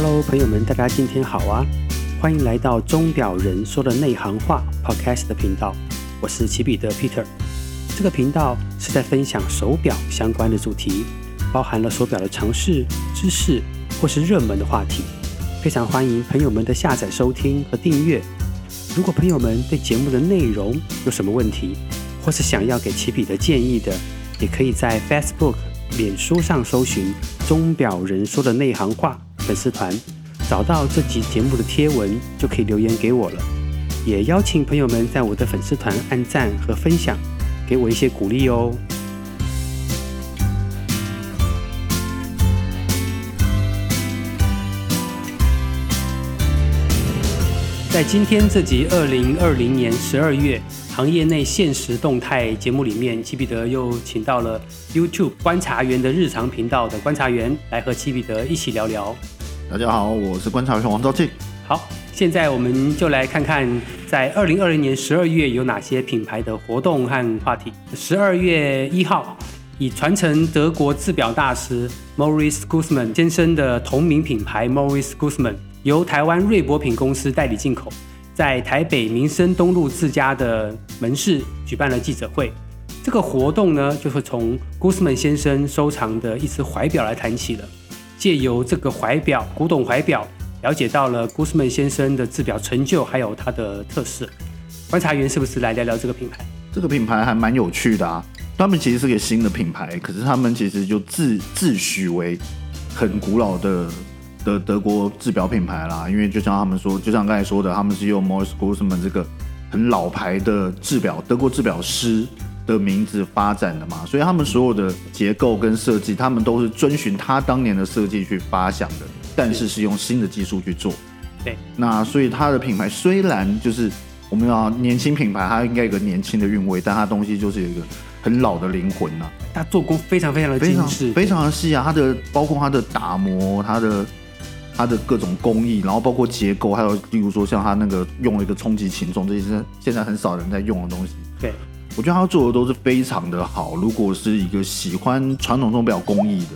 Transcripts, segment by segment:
Hello，朋友們，大家今天好啊！歡迎來到《鐘表人說的內行話》Podcast 的頻道，我是齊彼得 Peter。這個頻道是在分享手表相關的主題，包含了手表的常識、知識或是熱門的話題。非常歡迎朋友們的下載、收聽和訂閱。如果朋友們對節目的內容有什麼問題，或是想要給齊彼得建議的，也可以在 Facebook、臉書上搜尋《鐘表人說的內行話》。粉絲團找到這集節目的貼文，就可以留言給我了。也邀請朋友們在我的粉絲團按讚和分享，給我一些鼓勵哦。在今天這集二零二零年十二月行業內限時動態節目裡面，齊彼得又請到了 YouTube 觀察員的日常頻道的觀察員來和齊彼得一起聊聊。大家好，我是觀察員王昭慶。好，現在我們就來看看在二零二零年十二月有哪些品牌的活動和話題。十二月一號，以傳承德國製錶大師 Moritz Grossmann 先生的同名品牌 Moritz Grossmann 由台灣瑞博品公司代理進口，在台北民生東路自家的門市舉辦了記者會。這個活動呢，就是從 Grossmann 先生收藏的一只懷表來談起的。借由這個懷錶，古董懷錶，了解到了古斯曼先生的製錶成就，還有他的特色。觀察員是不是來聊聊這個品牌？這個品牌還蠻有趣的啊，他們其實是個新的品牌，可是他們其實就自自詡為很古老的的德國製錶品牌啦。因為就像他們說，就像剛才說的，他們是用 Moritz 古斯曼這個很老牌的製錶，德國製錶師。的名字發展的嘛，所以他們所有的結構跟設計，他們都是遵循他當年的設計去發想的，但是是用新的技術去做。對，那所以它的品牌雖然就是我們要年輕品牌，它應該有個年輕的韻味，但它東西就是有一個很老的靈魂吶、啊。它做工非常非常的精細，非常的細啊。它的包括它的打磨，它的它的各種工藝，然後包括結構，還有例如說像它那個用了一個衝擊擒縱，這些是現在很少人在用的東西。對。我覺得他做的都是非常的好。如果是一個喜歡傳統鐘錶工藝的、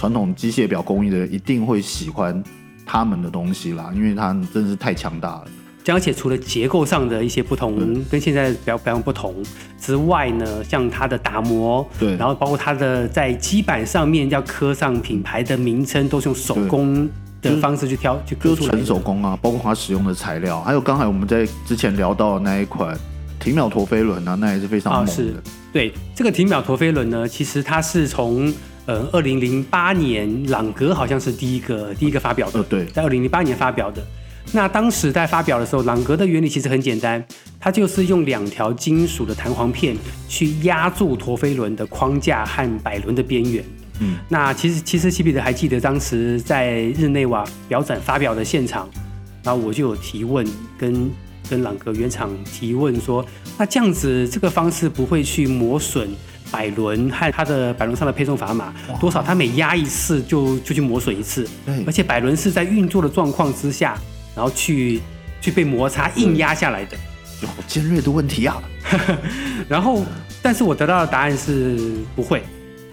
傳統機械表工藝的，一定會喜歡他們的東西啦，因為它真的是太強大了。而且除了結構上的一些不同，跟現在表表不同之外呢，像它的打磨，對，然後包括它的在基板上面要刻上品牌的名稱，都是用手工的方式去挑，就是、去刻出來。純手工啊，包括它使用的材料，還有剛才我們在之前聊到的那一款。停秒陀飛輪呢、啊，那也是非常啊、哦、是對這個停秒陀飛輪呢，其實它是從呃二零零八年朗格好像是第一個第一個發表的，嗯哦、對，在二零零八年發表的。那當時在發表的時候，朗格的原理其實很簡單，它就是用兩條金屬的彈簧片去壓住陀飛輪的框架和擺輪的邊緣。嗯，那其實其實西比得還記得當時在日內瓦表展發表的現場，然後我就有提問跟。跟朗格原廠提問說，那這樣子這個方式不會去磨損擺輪和它的擺輪上的配重砝碼多少？它每壓一次就就去磨損一次，而且擺輪是在運作的狀況之下，然後去去被摩擦硬壓下來的，好尖銳的問題啊！ 然後，但是我得到的答案是不會，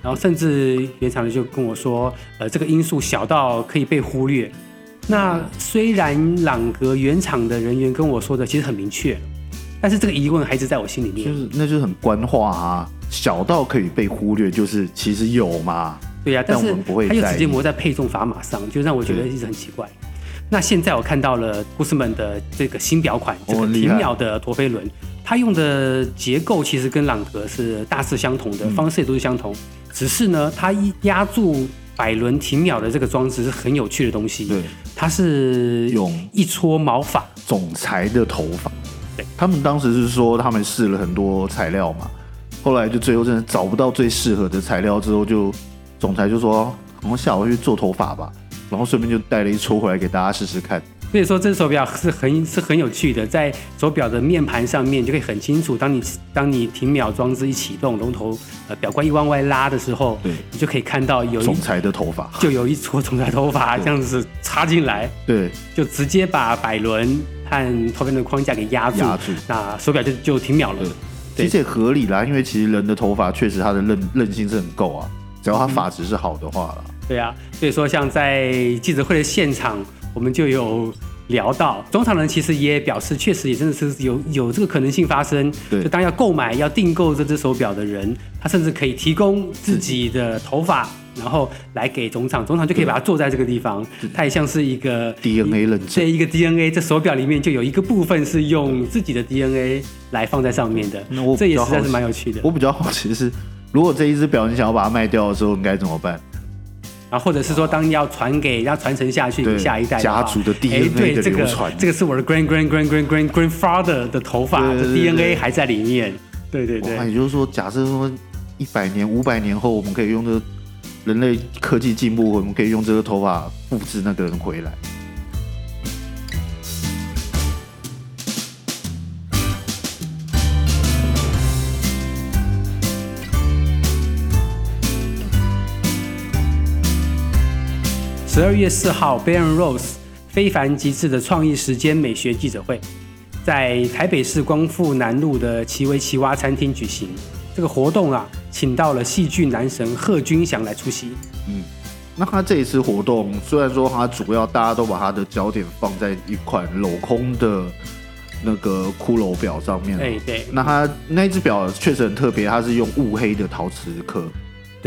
然後甚至原廠就跟我說，呃，這個因素小到可以被忽略。那雖然朗格原廠的人員跟我說的其實很明確，但是這個疑問還是在我心裡面。就是那就是很官話啊，小到可以被忽略，就是其實有嘛。對呀、啊，但是它又直接磨在配重砝碼上，就讓我覺得一直很奇怪。那現在我看到了 Grossmann 的這個新錶款，這個停秒的陀飛輪，它、哦、用的結構其實跟朗格是大致相同的、嗯、方式也都是相同，只是呢它一壓住。百輪停秒的這個裝置是很有趣的東西。對，它是用一撮毛髮，總裁的頭髮。對，他們當時是說他們試了很多材料嘛，後來就最後真的找不到最適合的材料，之後就總裁就說：“我下午去做頭髮吧。”然後順便就帶了一撮回來給大家試試看。所以說，這只手錶是很是很有趣的，在手錶的面盤上面就可以很清楚。當你當你停秒裝置一啟動，龍頭呃錶冠一往外拉的時候，對，你就可以看到有一總裁的頭髮，就有一撮總裁的頭髮這樣子插進來對，對，就直接把擺輪和旁邊的框架給壓住、壓住。那手錶就就停秒了。其實也合理啦，因為其實人的頭髮確實它的韌韌性是很夠啊，只要它髮質是好的話了、嗯。對啊，所以說像在記者會的現場。我們就有聊到，總廠人其實也表示，確實也真的是有有這個可能性發生。對，就當要購買、要訂購這只手表的人，他甚至可以提供自己的頭髮，然後來給總廠，總廠就可以把它做在這個地方。它也像是一個一 DNA 認證，這一個 DNA，這手表裡面就有一個部分是用自己的 DNA 來放在上面的。那我這也實在是蠻有趣的。我比較好奇是，如果這一只表你想要把它賣掉的時候，應該怎麼辦？啊，或者是說，當要傳給要傳承下去你下一代家族的 DNA，欸、對的這個傳，這個是我的 grand grand grand grand grand grandfather 的頭髮的 DNA 還在裡面。對對對，對，也就是說，假設說一百年、五百年後，我們可以用這個人類科技進步，我們可以用這個頭髮複製那個人回來。十二月四號 Baron Rose 非凡極致的創意時間美學記者會，在台北市光復南路的奇維奇蛙餐廳舉行。這個活動啊，請到了戲劇男神賀軍翔來出席。嗯，那他這一次活動，雖然說他主要大家都把他的焦點放在一款鏤空的那個骷髏表上面。對對。那他那只表確實很特別，它是用霧黑的陶瓷殼。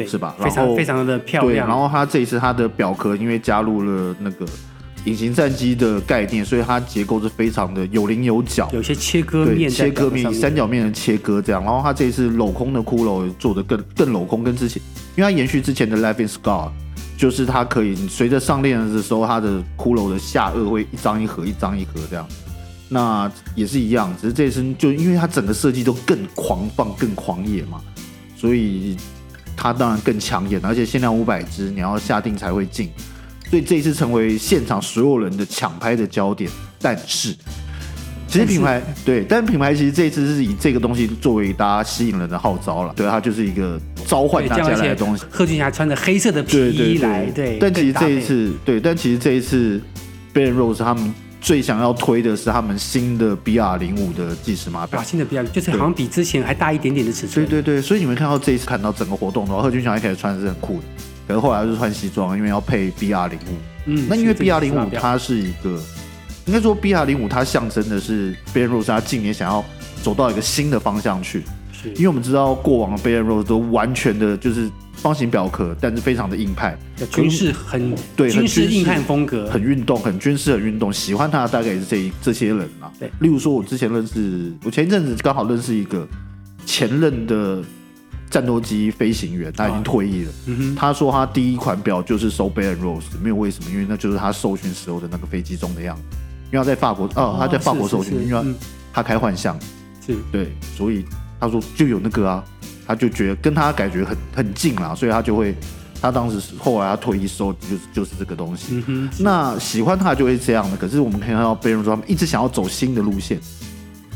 是吧？對，然後非常，非常的漂亮。對，然後它這一次它的錶殼因為加入了那個隱形戰機的概念，所以它結構是非常的有稜有角，有些切割面，切割面三角面的切割這樣。然後它這一次鏤空的骷髏做的更更鏤空，跟之前，因為它延續之前的 Laughing Skull，就是它可以隨着上鏈的時候，它的骷髏的下顎會一張一合，一張一合這樣。那也是一樣，只是這一次就因為它整個設計都更狂放、更狂野嘛，所以。它當然更搶眼，而且限量五百隻，你要下定才會進，所以這一次成為現場所有人的搶拍的焦點。但是，其實品牌、哎、對，但品牌其實這一次是以這個東西作為大家吸引人的號召了，對，它就是一個召喚大家下來的東西。賀俊霞穿着黑色的皮衣來，對。但其實這一次，對，但其實這一次、次，Ben Rose 他們。最想要推的是他們新的 B R 零五的計時碼錶，啊，新的 B R 就是好像比之前還大一點點的尺寸。對對對，所以你們看到這一次看到整個活動的話，賀軍翔一開始穿的是很酷的，可是後來就是穿西裝，因為要配 B R 零五。嗯，那因為 B R 零五它是一個，嗯、個應該說 B R 零五它象徵的是 Bell & Ross 近年想要走到一個新的方向去。是因為我們知道過往的 Bell & Ross 都完全的就是方形表殼，但是非常的硬派，軍事很,很對，很硬漢風格，很運動，很軍事，很運動。喜歡他大概也是這這些人啊。對，例如說，我之前認識，我前一陣子剛好認識一個前任的戰鬥機飛行員，他已經退役了。哦嗯哼，他說他第一款表就是收 Bell & Ross，沒有為什麼，因為那就是他受訓時候的那個飛機中的樣子。因為他在法國，哦，哦他在法國受訓，是是是因為，他開幻象，是，對，所以。他說就有那個啊，他就覺得跟他感覺很很近啦，所以他就會，他當時後來他退役時候就是、就是這個東西。嗯哼。那喜歡他就會這樣的，可是我們可以看到 Bell & Ross 說他們一直想要走新的路線，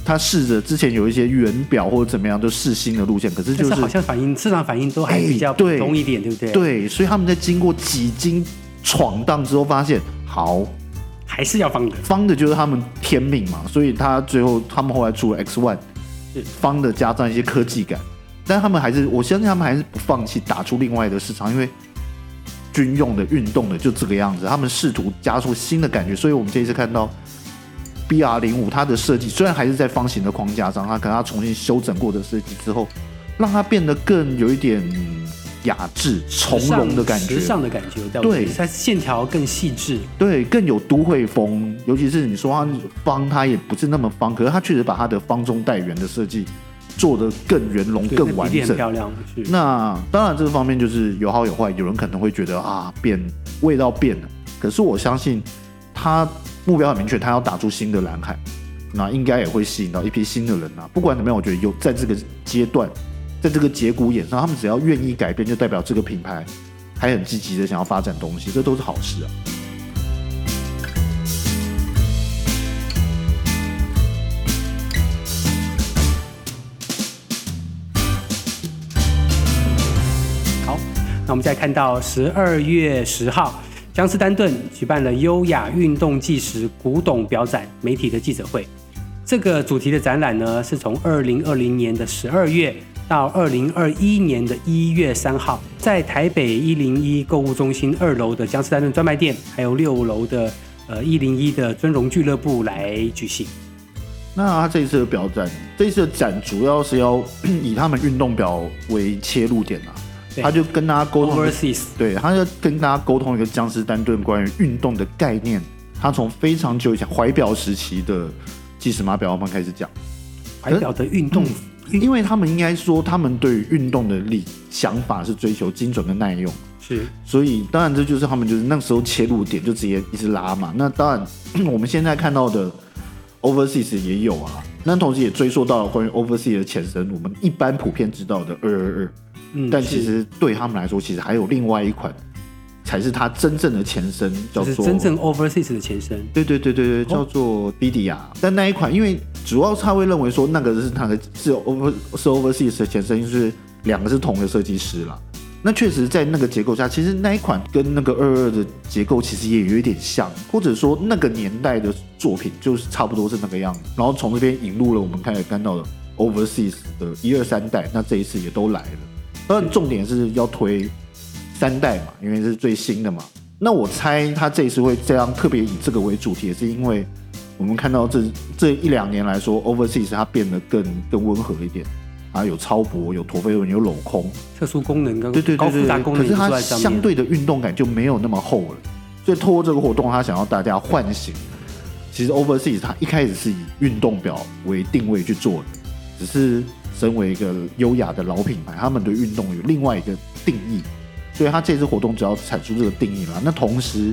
他試着之前有一些原表或者怎麼樣都試新的路線，可是就是，是好像反應市場反應都還比較、欸、普通一點，對不對，對？對，所以他們在經過幾經闖蕩之後，發現好還是要方的，方的就是他們天命嘛，所以他最後他們後來出了 X One。方的加上一些科技感，但他們還是，我相信他們還是不放棄打出另外的市場，因為軍用的、運動的就這個樣子。他們試圖加出新的感覺，所以我們這一次看到 BR05 它的設計，雖然還是在方形的框架上，它可能它重新修整過的設計之後，讓它變得更有一點。雅致從容的感覺，時尚，時尚的感覺。對，對，它線條更細緻，對，更有都會風。尤其是你說它方，它也不是那麼方，可是它確實把它的方中帶圓的設計做得更圓融、更完整，漂亮。那當然，這個方面就是有好有壞，有人可能會覺得啊，變味道變了。可是我相信，它目標很明確，它要打出新的藍海，那應該也會吸引到一批新的人啊。不管怎麼樣，我覺得有在這個階段。在這個節骨眼上，他們只要願意改變，就代表這個品牌還很積極的想要發展東西，這都是好事啊。好，那我們再看到十二月十號，江詩丹頓舉辦了優雅運動計時古董表展媒體的記者會，這個主題的展覽呢，是從二零二零年的十二月。到二零二一年的一月三號，在台北一零一購物中心二樓的江詩丹頓專賣店，還有六樓的呃一零一的尊榮俱樂部來舉行。那、啊、他這一次的錶展，這一次的展主要是要以他們運動錶為切入點啊，他就跟大家溝通、Overseas，對，他就跟大家溝通一個江詩丹頓關於運動的概念。他從非常久以前懷錶時期的計時碼錶方面開始講，懷錶的運動。因為他們應該說，他們對於運動的理想法是追求精準跟耐用，是，所以當然這就是他們就是那時候切入點就直接一直拉嘛。那當然我們現在看到的 Overseas 也有啊，那同時也追溯到了關於 Overseas 的前身，我們一般普遍知道的二二二，嗯，但其實對他們來說，其實還有另外一款才是他真正的前身，叫做、就是、真正 Overseas 的前身，對對對對對，叫做 Bidia，、哦、但那一款因為。主要他會認為說，那個是他的，是 over 是 overseas 的前身，就是兩個是同一個設計師啦。那確實，在那個結構下，其實那一款跟那個二二的結構其實也有一點像，或者說那個年代的作品就是差不多是那個樣子。然後從這邊引入了我們開始看到的 overseas 的一二三代，那這一次也都來了。當然，重點是要推三代嘛，因為是最新的嘛。那我猜他這一次會這樣特別以這個為主題，也是因為。我們看到這這一兩年來說，Overseas 它變得更更溫和一點，啊，有超薄，有陀飛輪，有鏤空，特殊功能跟高複雜功能對對對，可是它相對的運動感就沒有那麼厚了。嗯、所以通過這個活動，他想要大家喚醒、嗯，其實 Overseas 它一開始是以運動表為定位去做的，只是身為一個優雅的老品牌，他們對運動有另外一個定義，所以他這次活動主要產出這個定義嘛。那同時。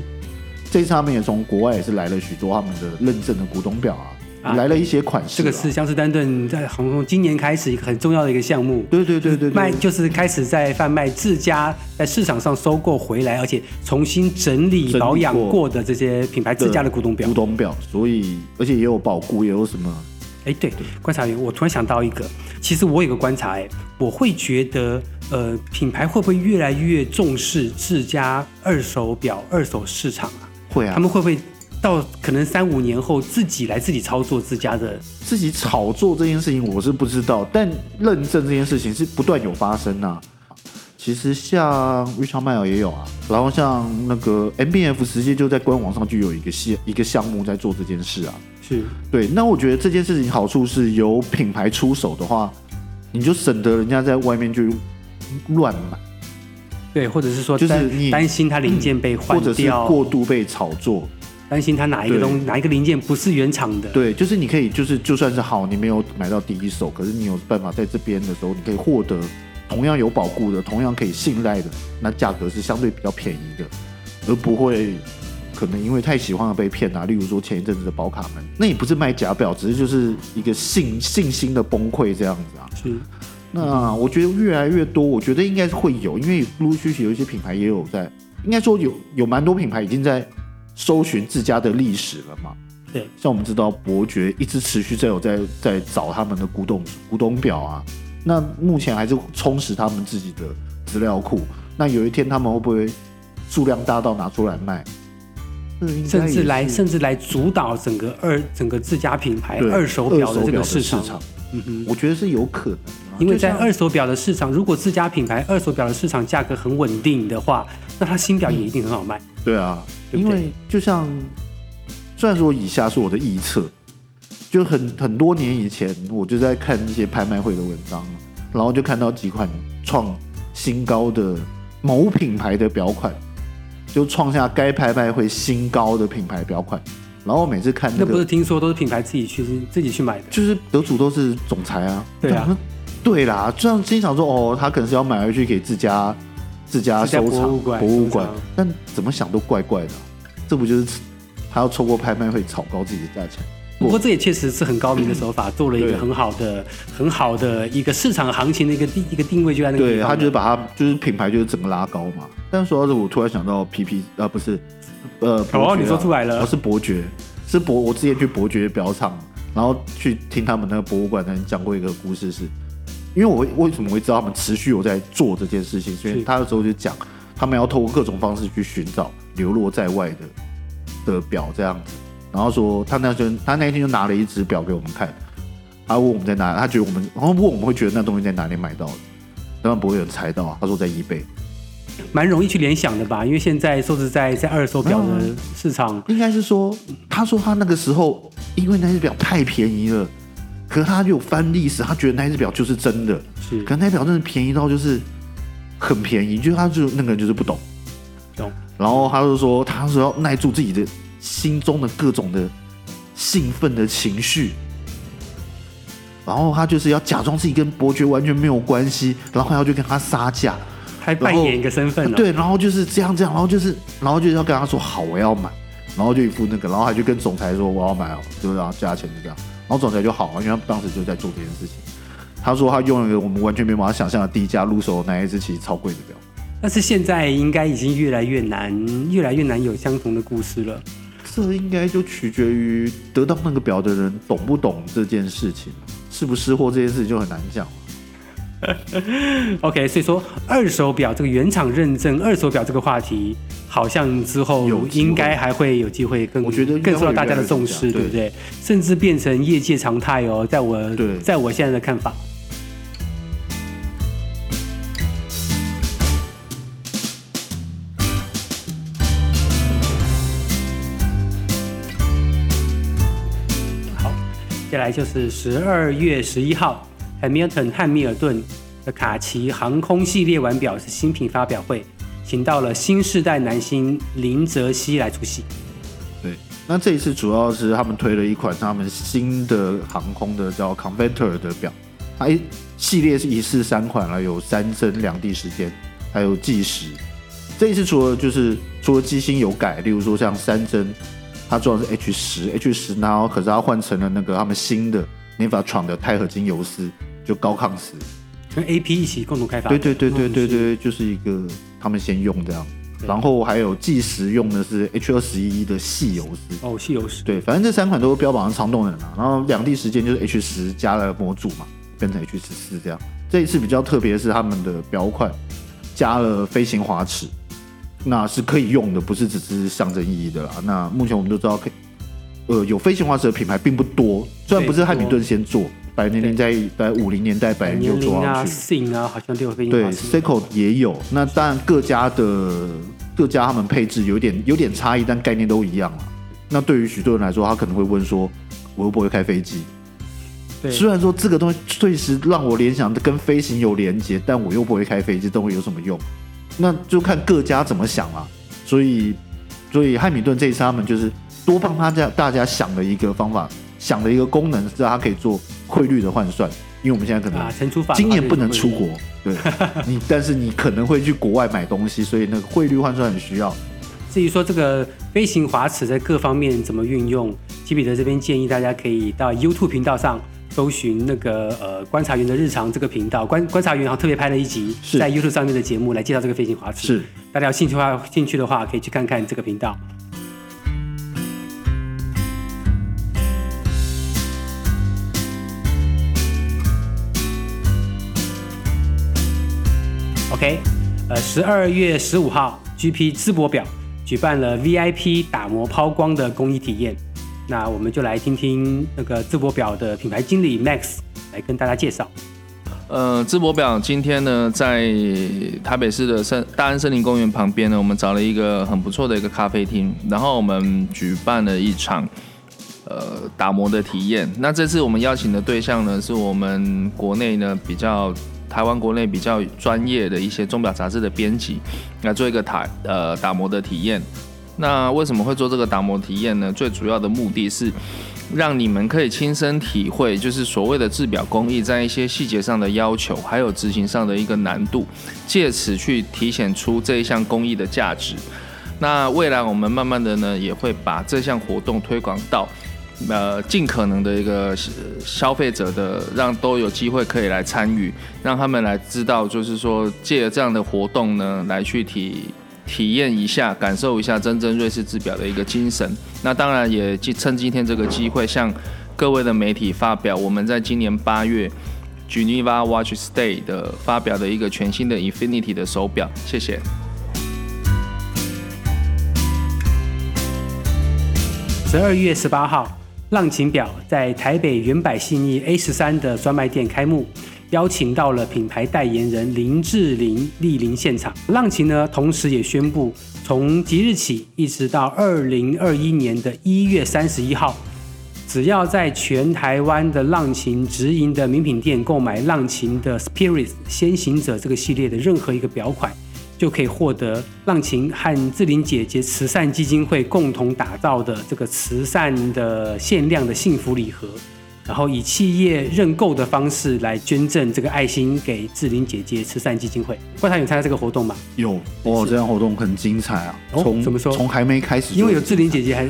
這次他們也從國外也是來了許多他們的認證的古董表啊，啊來了一些款式，啊。這個是江詩丹頓在從今年開始一個很重要的一個項目。對對對，對對對對。賣就是開始在販賣自家在市場上收購回來，而且重新整理保養過的這些品牌自家的古董表。古董表，所以而且也有保固，也有什麼？哎，對。觀察員，我突然想到一個，其實我有個觀察，哎，我會覺得，呃，品牌會不會越來越重視自家二手表二手市場啊？會啊，他們會不會到可能三五年後自己來自己操作自家的，自己炒作這件事情我是不知道，但認證這件事情是不斷有發生啊。其實像 Richard Mille 也有啊，然後像那個 MBF，直接就在官網上就有一個系一個項目在做這件事啊。是對，那我覺得這件事情好處是有品牌出手的話，你就省得人家在外面就亂買。對，或者是說就是，你擔心它零件被換掉，嗯，或者是過度被炒作，擔心它哪一個東哪一個零件不是原廠的。對，就是你可以，就是就算是好，你沒有買到第一手，可是你有辦法在這邊的時候，你可以獲得同樣有保固的，同樣可以信賴的，那價格是相對比較便宜的，而不會可能因為太喜歡而被騙啊。例如說前一陣子的寶卡門，那也不是賣假表，只是就是一個信信心的崩潰這樣子啊。是。那我覺得越來越多，我覺得應該是會有，因為陸續續有一些品牌也有在，應該說有有蠻多品牌已經在搜尋自家的歷史了嘛。對，像我們知道伯爵一直持續在有在在找他們的古董古董錶啊，那目前還是充實他們自己的資料庫。那有一天他們會不會數量大到拿出來賣？應該是甚至來甚至來主導整個二整個自家品牌二手錶的這個市場。嗯 我覺得是有可能，啊、因為在二手錶的市場，如果自家品牌二手錶的市場價格很穩定的話，那它新錶也一定很好賣。嗯、對啊對對，因為就像，雖然說以下是我的預測，就很很多年以前我就在看一些拍賣會的文章，然後就看到幾款創新高的某品牌的錶款，就創下該拍賣會新高的品牌錶款。然後我每次看那個，那不是聽說都是品牌自己去自己去買的，就是得主都是總裁啊，對啊，對啦，就像經常說哦，他可能是要買回去給自家自家收藏博物館，博物館，但怎麼想都怪怪的啊，這不就是他要錯過拍賣會炒高自己的價錢？不過這也確實是很高明的手法，嗯、做了一個很好的、很好的一個市場行情的一個定一個定位，就在那個地方。對，他就是把它就是品牌就是整個拉高嘛。但是我突然想到皮皮啊，不是，呃，伯，你說出來了。我是伯爵，是伯。我之前去伯爵的表廠，然後去聽他們那個博物館的人講過一個故事，是，因為我為什麼會知道他們持續有在做這件事情？所以他的時候就講，他們要通過各種方式去尋找流落在外的的表這樣子。然後說他那天他那天就拿了一隻表給我們看，他問我們在哪，他覺得我們，然後問我們會覺得那東西在哪裡買到的，當然不會有猜到啊。他說在 eBay，蠻容易去聯想的吧，因為現在說是在在二手表的市場，應該是說，他說他那個時候因為那隻表太便宜了，可是他就有翻歷史，他覺得那隻表就是真的，是，可是那隻表真的便宜到就是很便宜，就他就那個人就是不懂，懂，然後他就說他說要耐住自己的心中的各種的興奮的情緒，然後他就是要假裝自己跟伯爵完全沒有關係，然後還要去跟他殺價，還扮演一個身份、哦、對，然後就是這樣這樣，然後就是然後就要跟他說：“好，我要買。”然後就一副那個，然後還去跟總裁說：“我要買哦。”就是要、啊、加錢這樣，然後總裁就好，因為他當時就在做這件事情。他說他用了一個我們完全沒辦法想象的低價入手那一隻，其實超貴的表。但是現在應該已經越來越難，越來越難有相同的故事了。這應該就取決於得到那個錶的人懂不懂這件事情，是不是貨這件事情就很難講。 OK，所以說二手錶這個原廠認證，二手錶這個話題，好像之後應該還會有機會更機會我覺得更受到大家的重視，對，對不對？甚至變成業界常態哦，在我在我現在的看法。接下來就是十二月十一號，Hamilton 漢密爾頓的卡其航空系列腕錶是新品發表會，請到了新世代男星林哲熹來出席。對，那這一次主要是他們推了一款他們新的航空的叫 Converter 的表，它一系列是一式三款了，有三針兩地時間，還有計時。這一次除了就是除了機芯有改，例如說像三針。它做的是 H 十 H 十，然後可是它換成了那個他們新的 Nivachron 的鈦合金游絲，就高抗磁，跟 A P 一起共同開發。對對對對對對對，就是一個他們先用這樣，然後還有計時用的是 H 二十一的細游絲。哦，細游絲。對，反正這三款都標榜是長動的嘛、啊，然後兩地時間就是 H 十加了模組嘛，變成 H 十四這樣。這一次比較特別的是他們的錶款加了飛行滑尺。那是可以用的，不是只是象徵意義的啦。那目前我們都知道，可以，呃，有飛行滑尺的品牌並不多。雖然不是漢密頓先做，百年靈在五零年代，百年靈就做上去。s 啊，啊，好像有飛行滑尺。對 c e 也有。那當然各家的各家他們配置有點有點差異，但概念都一樣。那對於許多人來說，他可能會問說，我又不會開飛機。對。雖然說這個東西確實讓我聯想跟飛行有連接，但我又不會開飛機，都會有什麼用？那就看各家怎麼想了啊，所以，所以漢米頓這一次他們就是多幫他家大家想的一個方法，想的一個功能，是他可以做匯率的換算，因為我們現在可能今年不能出國，對，你但是你可能會去國外買東西，所以那個匯率換算很需要。至於說這個飛行滑尺在各方面怎麼運用，基比特這邊建議大家可以到 YouTube 頻道上。搜尋那個呃觀察員的日常這個，頻道，觀觀察員然後特別拍了一集在 YouTube 上面的節目來介紹這個飛行滑尺，是大家有興趣的話，興趣的話可以去看看這個頻道。OK，呃，十二月十五號 GP 芝柏表舉辦了 VIP 打磨拋光的工藝體驗。那我們就來聽聽那個芝柏錶的品牌經理 Max 來跟大家介紹。呃，芝柏錶今天呢，在台北市的森大安森林公園旁邊呢，我們找了一個很不錯的一個咖啡廳，然後我們舉辦了一場呃打磨的體驗。那這次我們邀請的對象呢，是我們國內呢比較台灣國內比較專業的一些鐘表雜誌的編輯，來做一個台呃打磨的體驗。那為什麼會做這個打磨體驗呢？最主要的目的是讓你們可以親身體會，就是所謂的制表工藝在一些細節上的要求，還有執行上的一個難度，借此去體現出這一項工藝的價值。那未來我們慢慢的呢，也會把這項活動推廣到呃盡可能的一個消費者的，讓都有機會可以來參與，讓他們來知道，就是說借着這樣的活動呢來去體，體驗一下，感受一下真正瑞士制表的一個精神。那當然也趁今天這個機會，向各位的媒體發表我們在今年八月，Geneva Watch Day 的發表的一個全新的 Infinity 的手錶。謝謝。十二月十八號，浪琴表在台北遠百信義 A 十三的專賣店開幕。邀請到了品牌代言人林志玲蒞臨現場。浪琴呢，同時也宣佈，從即日起一直到二零二一年的一月三十一號，只要在全台灣的浪琴直營的名品店購買浪琴的 Spirit 先行者這個系列的任何一個表款，就可以獲得浪琴和志玲姐姐慈善基金會共同打造的這個慈善的限量的幸福禮盒。然後以企業認購的方式來捐贈這個愛心給志玲姐姐慈善基金會。會談有參加這個活動嗎？有，哇、哦，這樣活動很精彩啊！哦、從怎麼說？從還沒開始，因為有志玲姐姐還。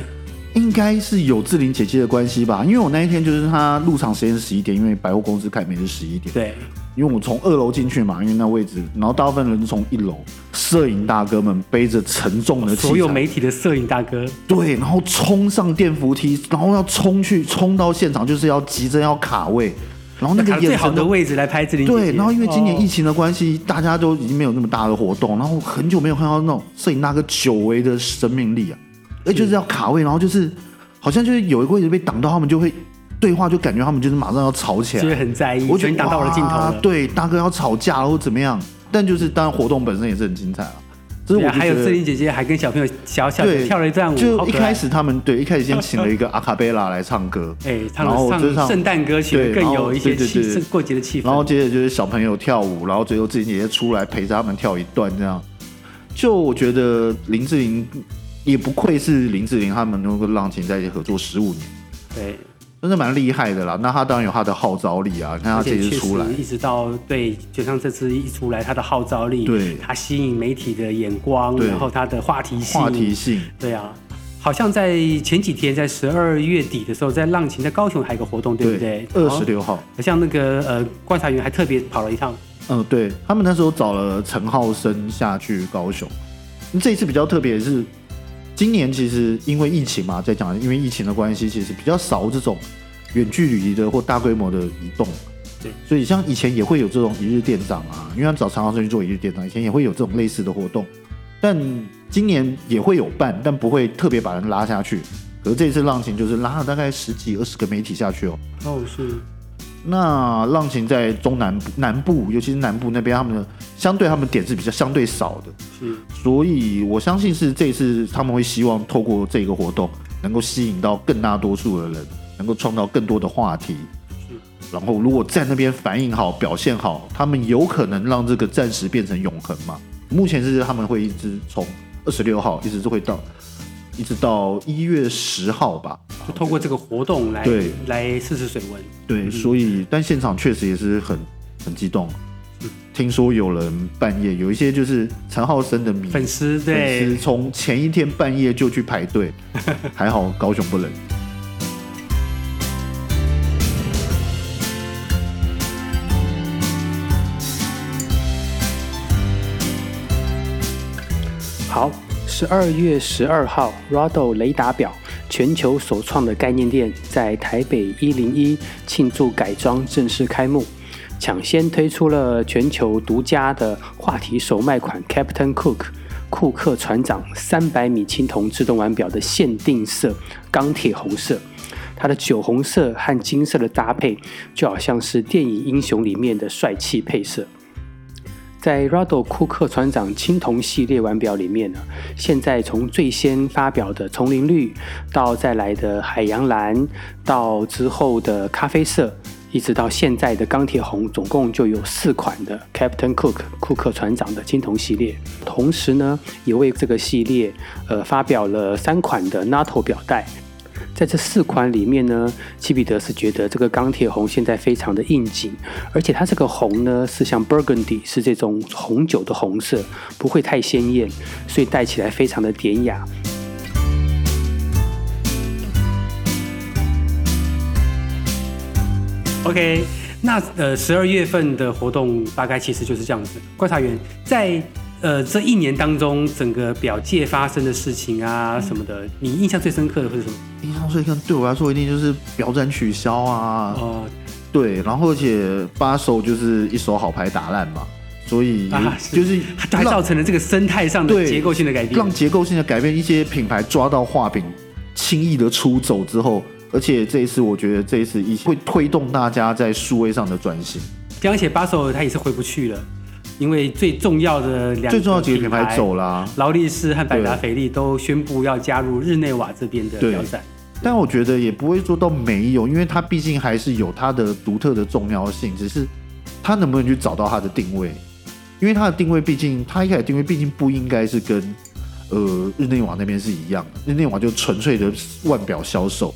應該是有志玲姐姐的關係吧，因為我那一天就是她入場時間是十一點，因為百貨公司開門是十一點。對，因為我從二樓進去嘛，因為那位置，然後大部分人是從一樓，攝影大哥們背着沉重的、哦，所有媒體的攝影大哥，對，然後衝上電扶梯，然後要衝去，衝到現場就是要急着要卡位，然後那個最好的位置來拍志玲姐姐。對，然後因為今年疫情的關係、哦，大家都已經沒有那麼大的活動，然後很久沒有看到那種攝影大哥久違的生命力啊。哎、欸，就是要卡位，然後就是好像就是有一個位置被擋到，他們就會對話，就感覺他們就是馬上要吵起來，就很在意。我覺得你擋到我的鏡頭，對，大哥要吵架了或怎麼樣。但就是當然活動本身也是很精彩啊，就是還有志玲姐姐還跟小朋友小小的跳了一段舞。就一開始他們、哦、對一開始先請了一個阿卡貝拉來唱歌，哎， 然後唱聖誕歌曲，更有一些過節的氣氛。然後接着就是小朋友跳舞，然後最後志玲姐姐出來陪着他們跳一段，這樣。就我覺得林志玲。也不愧是林志玲，他們能夠跟浪琴在一起合作十五年，對，真的蠻厲害的啦。那他當然有他的號召力啊，你看他這次出來，一直到對，就像這次一出來，他的號召力，對，他吸引媒體的眼光，然後他的話題性，話題性，對啊。好像在前幾天，在十二月底的時候，在浪琴在高雄還有個活動，對，對不對？二十六號，好像那個呃觀察員還特別跑了一趟，嗯，對他們那時候找了陳浩生下去高雄，這一次比較特別的是，今年其實因為疫情嘛，在講因為疫情的關係，其實比較少這種遠距離的或大規模的移動。對，所以像以前也會有這種一日店長啊，因為他找長豪生去做一日店長，以前也會有這種類似的活動，但今年也會有辦，但不會特別把人拉下去。可是這次浪琴就是拉了大概十幾、二十個媒體下去哦。哦，是。那浪琴在中南部南部，尤其是南部那邊，他們相對他們點是比較相對少的，所以我相信是這次他們會希望透過這個活動，能夠吸引到更大多數的人，能夠創造更多的話題，然後如果在那邊反應好、表現好，他們有可能讓這個暫時變成永恆嘛。目前是他們會一直從二十六號一直都會到。一直到一月十號吧，就通過這個活動來、okay. 對來試試水溫。對，所以、嗯、但現場確實也是很很激動、嗯。聽說有人半夜有一些就是陳浩生的粉絲，對，粉絲從前一天半夜就去排隊， 還好高雄不冷。 好。十二月十二號，Rado 雷達表全球首創的概念店在台北一零一慶祝改裝正式開幕，搶先推出了全球獨家的話題首賣款 Captain Cook 庫克船長三百米青銅自動腕表的限定色鋼鐵紅色。它的酒紅色和金色的搭配，就好像是電影英雄裡面的帥氣配色。在 Rado 庫克船長青銅系列腕錶裡面呢，現在從最先發表的叢林綠，到再來的海洋藍，到之後的咖啡色，一直到現在的鋼鐵紅，總共就有四款的 Captain Cook 庫克船長的青銅系列。同時呢，也為這個系列，呃，發表了三款的 NATO 錶帶。在這四款裡面呢，基比德是覺得這個鋼鐵紅現在非常的應景，而且它這個紅呢，是像 Burgundy，是這種紅酒的紅色，不會太鮮豔，所以戴起來非常的典雅。OK，那呃十二月份的活動大概其實就是這樣子。觀察員在。呃，這一年當中，整個錶界發生的事情啊，什麼的、嗯，你印象最深刻的會是什麼？印象最深刻，對我來說一定就是錶展取消啊。哦，對，然後而且巴塞就是一手好牌打爛嘛，所以、啊、是就是還造成了這個生態上的結構性的改變，讓結構性的改變，一些品牌抓到畫餅，輕易的出走之後，而且這一次我覺得這一次疫情會推動大家在數位上的轉型。而且巴塞他也是回不去了。因為最重要的兩最重要的幾個品牌走了，勞力士和百達翡麗都宣布要加入日內瓦這邊的表展，但我覺得也不會說到沒有，因為它畢竟還是有它的獨特的重要性，只是它能不能去找到它的定位，因為它的定位畢竟它一開始定位畢竟不應該是跟呃日內瓦那邊是一樣的，日內瓦就純粹的腕表銷售，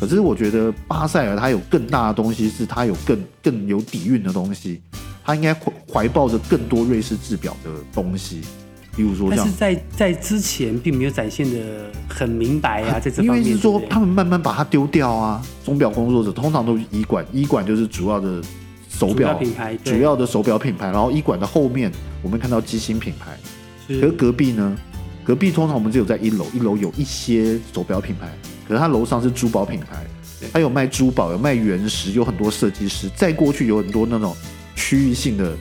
可是我覺得巴塞爾它有更大的東西，是它有更更有底蘊的東西。他應該懷抱着更多瑞士制表的東西，比如說像，但是在在之前並沒有展現得很明白啊。在這因為是說對對，他們慢慢把它丟掉啊。鐘表工作者通常都是一館，一館就是主要的手表品牌，主要的手表品牌。然後一館的後面，我們看到機芯品牌。可是隔壁呢？隔壁通常我們只有在一樓，一樓有一些手表品牌，可是他樓上是珠寶品牌，他有賣珠寶，有賣原石，有很多設計師。再過去有很多那種。區域性的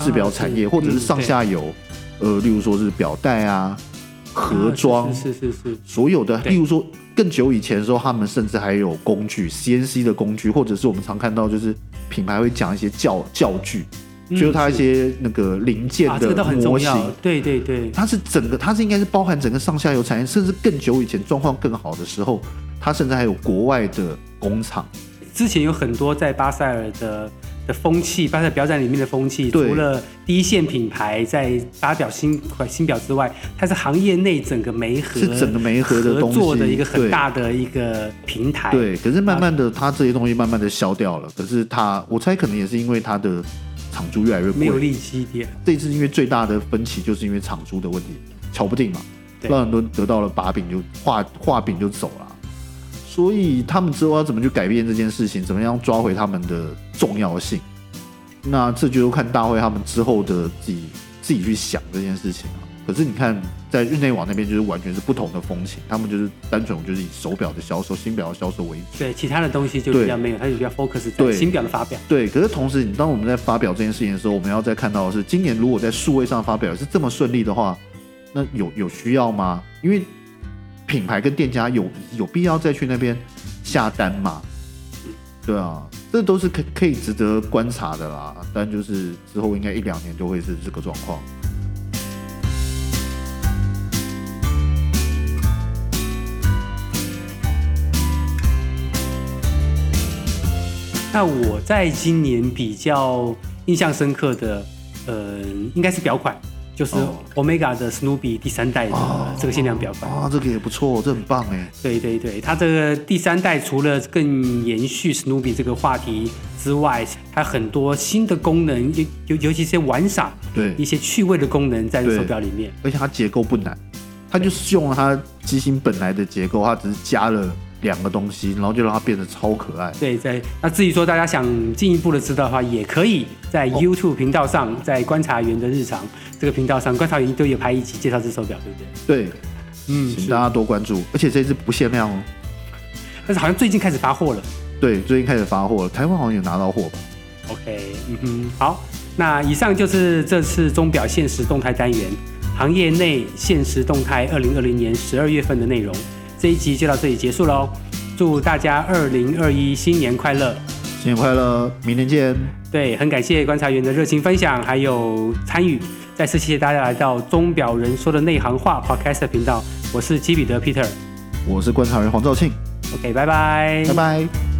製錶產業，啊嗯，或者是上下游，呃，例如說是錶帶啊，啊，盒裝，是是，是是是，所有的，例如說更久以前的時候，他們甚至還有工具，CNC 的工具，或者是我們常看到就是品牌會講一些教教具，就是它一些那個零件的模型，啊這個，都很重要模型，對對對，對，它是整個它是應該是包含整個上下游產業，甚至更久以前狀況更好的時候，它甚至還有國外的工廠，之前有很多在巴塞爾的。的風氣放在表展裡面的風氣，除了第一線品牌在發表新款新表之外，它是行業內整個媒合，是整個媒合的東西合作的一個很大的一個平台。對，對可是慢慢的、啊，它這些東西慢慢的消掉了。可是它，我猜可能也是因為它的廠租越來越貴沒有利息點。這次因為最大的分歧就是因為廠租的問題，瞧不定嘛，讓很多人得到了把柄就畫畫餅就走了。所以他們之後要怎麼去改變這件事情，怎麼樣抓回他們的重要性？那這就是看大會他們之後的自己自己去想這件事情啊。可是你看，在日內瓦那邊就是完全是不同的風情，他們就是單純，就是以手錶的銷售、新錶的銷售為主，對，其他的東西就比較沒有，他就比較 focus 對新錶的發表。對，對，可是同時，你當我們在發表這件事情的時候，我們要再看到的是，今年如果在數位上發表是這麼順利的話，那有有需要嗎？因為品牌跟店家有有必要再去那邊下單嗎？對啊，這都是可可以值得觀察的啦。但就是之後應該一兩年就會是這個狀況。那我在今年比較印象深刻的，嗯、呃，應該是表款。就是 Omega、哦、的 Snoopy 第三代的這個限量表款啊，這個也不錯、哦，這很棒哎、欸。對對對，對，它這個第三代除了更延續 Snoopy、oh. wow. wow 這，這，oh. wow. 這個話題之外，還很多新的功能尤，尤尤尤其一些玩耍、對一些趣味的功能在手表裡面。而且它結構不難，它就是用了它機芯本來的結構，它只是加了。兩個東西，然後就讓它變得超可愛。對，在那至於說大家想進一步的知道的話，也可以在 YouTube 頻道上，哦、在觀察員的日常這個頻道上，觀察員都有拍一期介紹這手表，對不對？對，嗯，請大家多關注。而且這只不限量哦，但是好像最近開始發貨了。對，最近開始發貨了，台灣好像有拿到貨吧？OK，嗯哼，好，那以上就是這次鐘錶限時動態單元行業內限時動態二零二零年十二月份的內容。這一集就到這裡結束嘍，祝大家二零二一新年快樂！新年快樂，明天見。對，很感謝觀察員的熱情分享還有參與，再次謝謝大家來到《鐘表人說的內行話》Podcast 的頻道，我是基比德 Peter，我是觀察員黃兆慶。OK，拜拜，拜拜。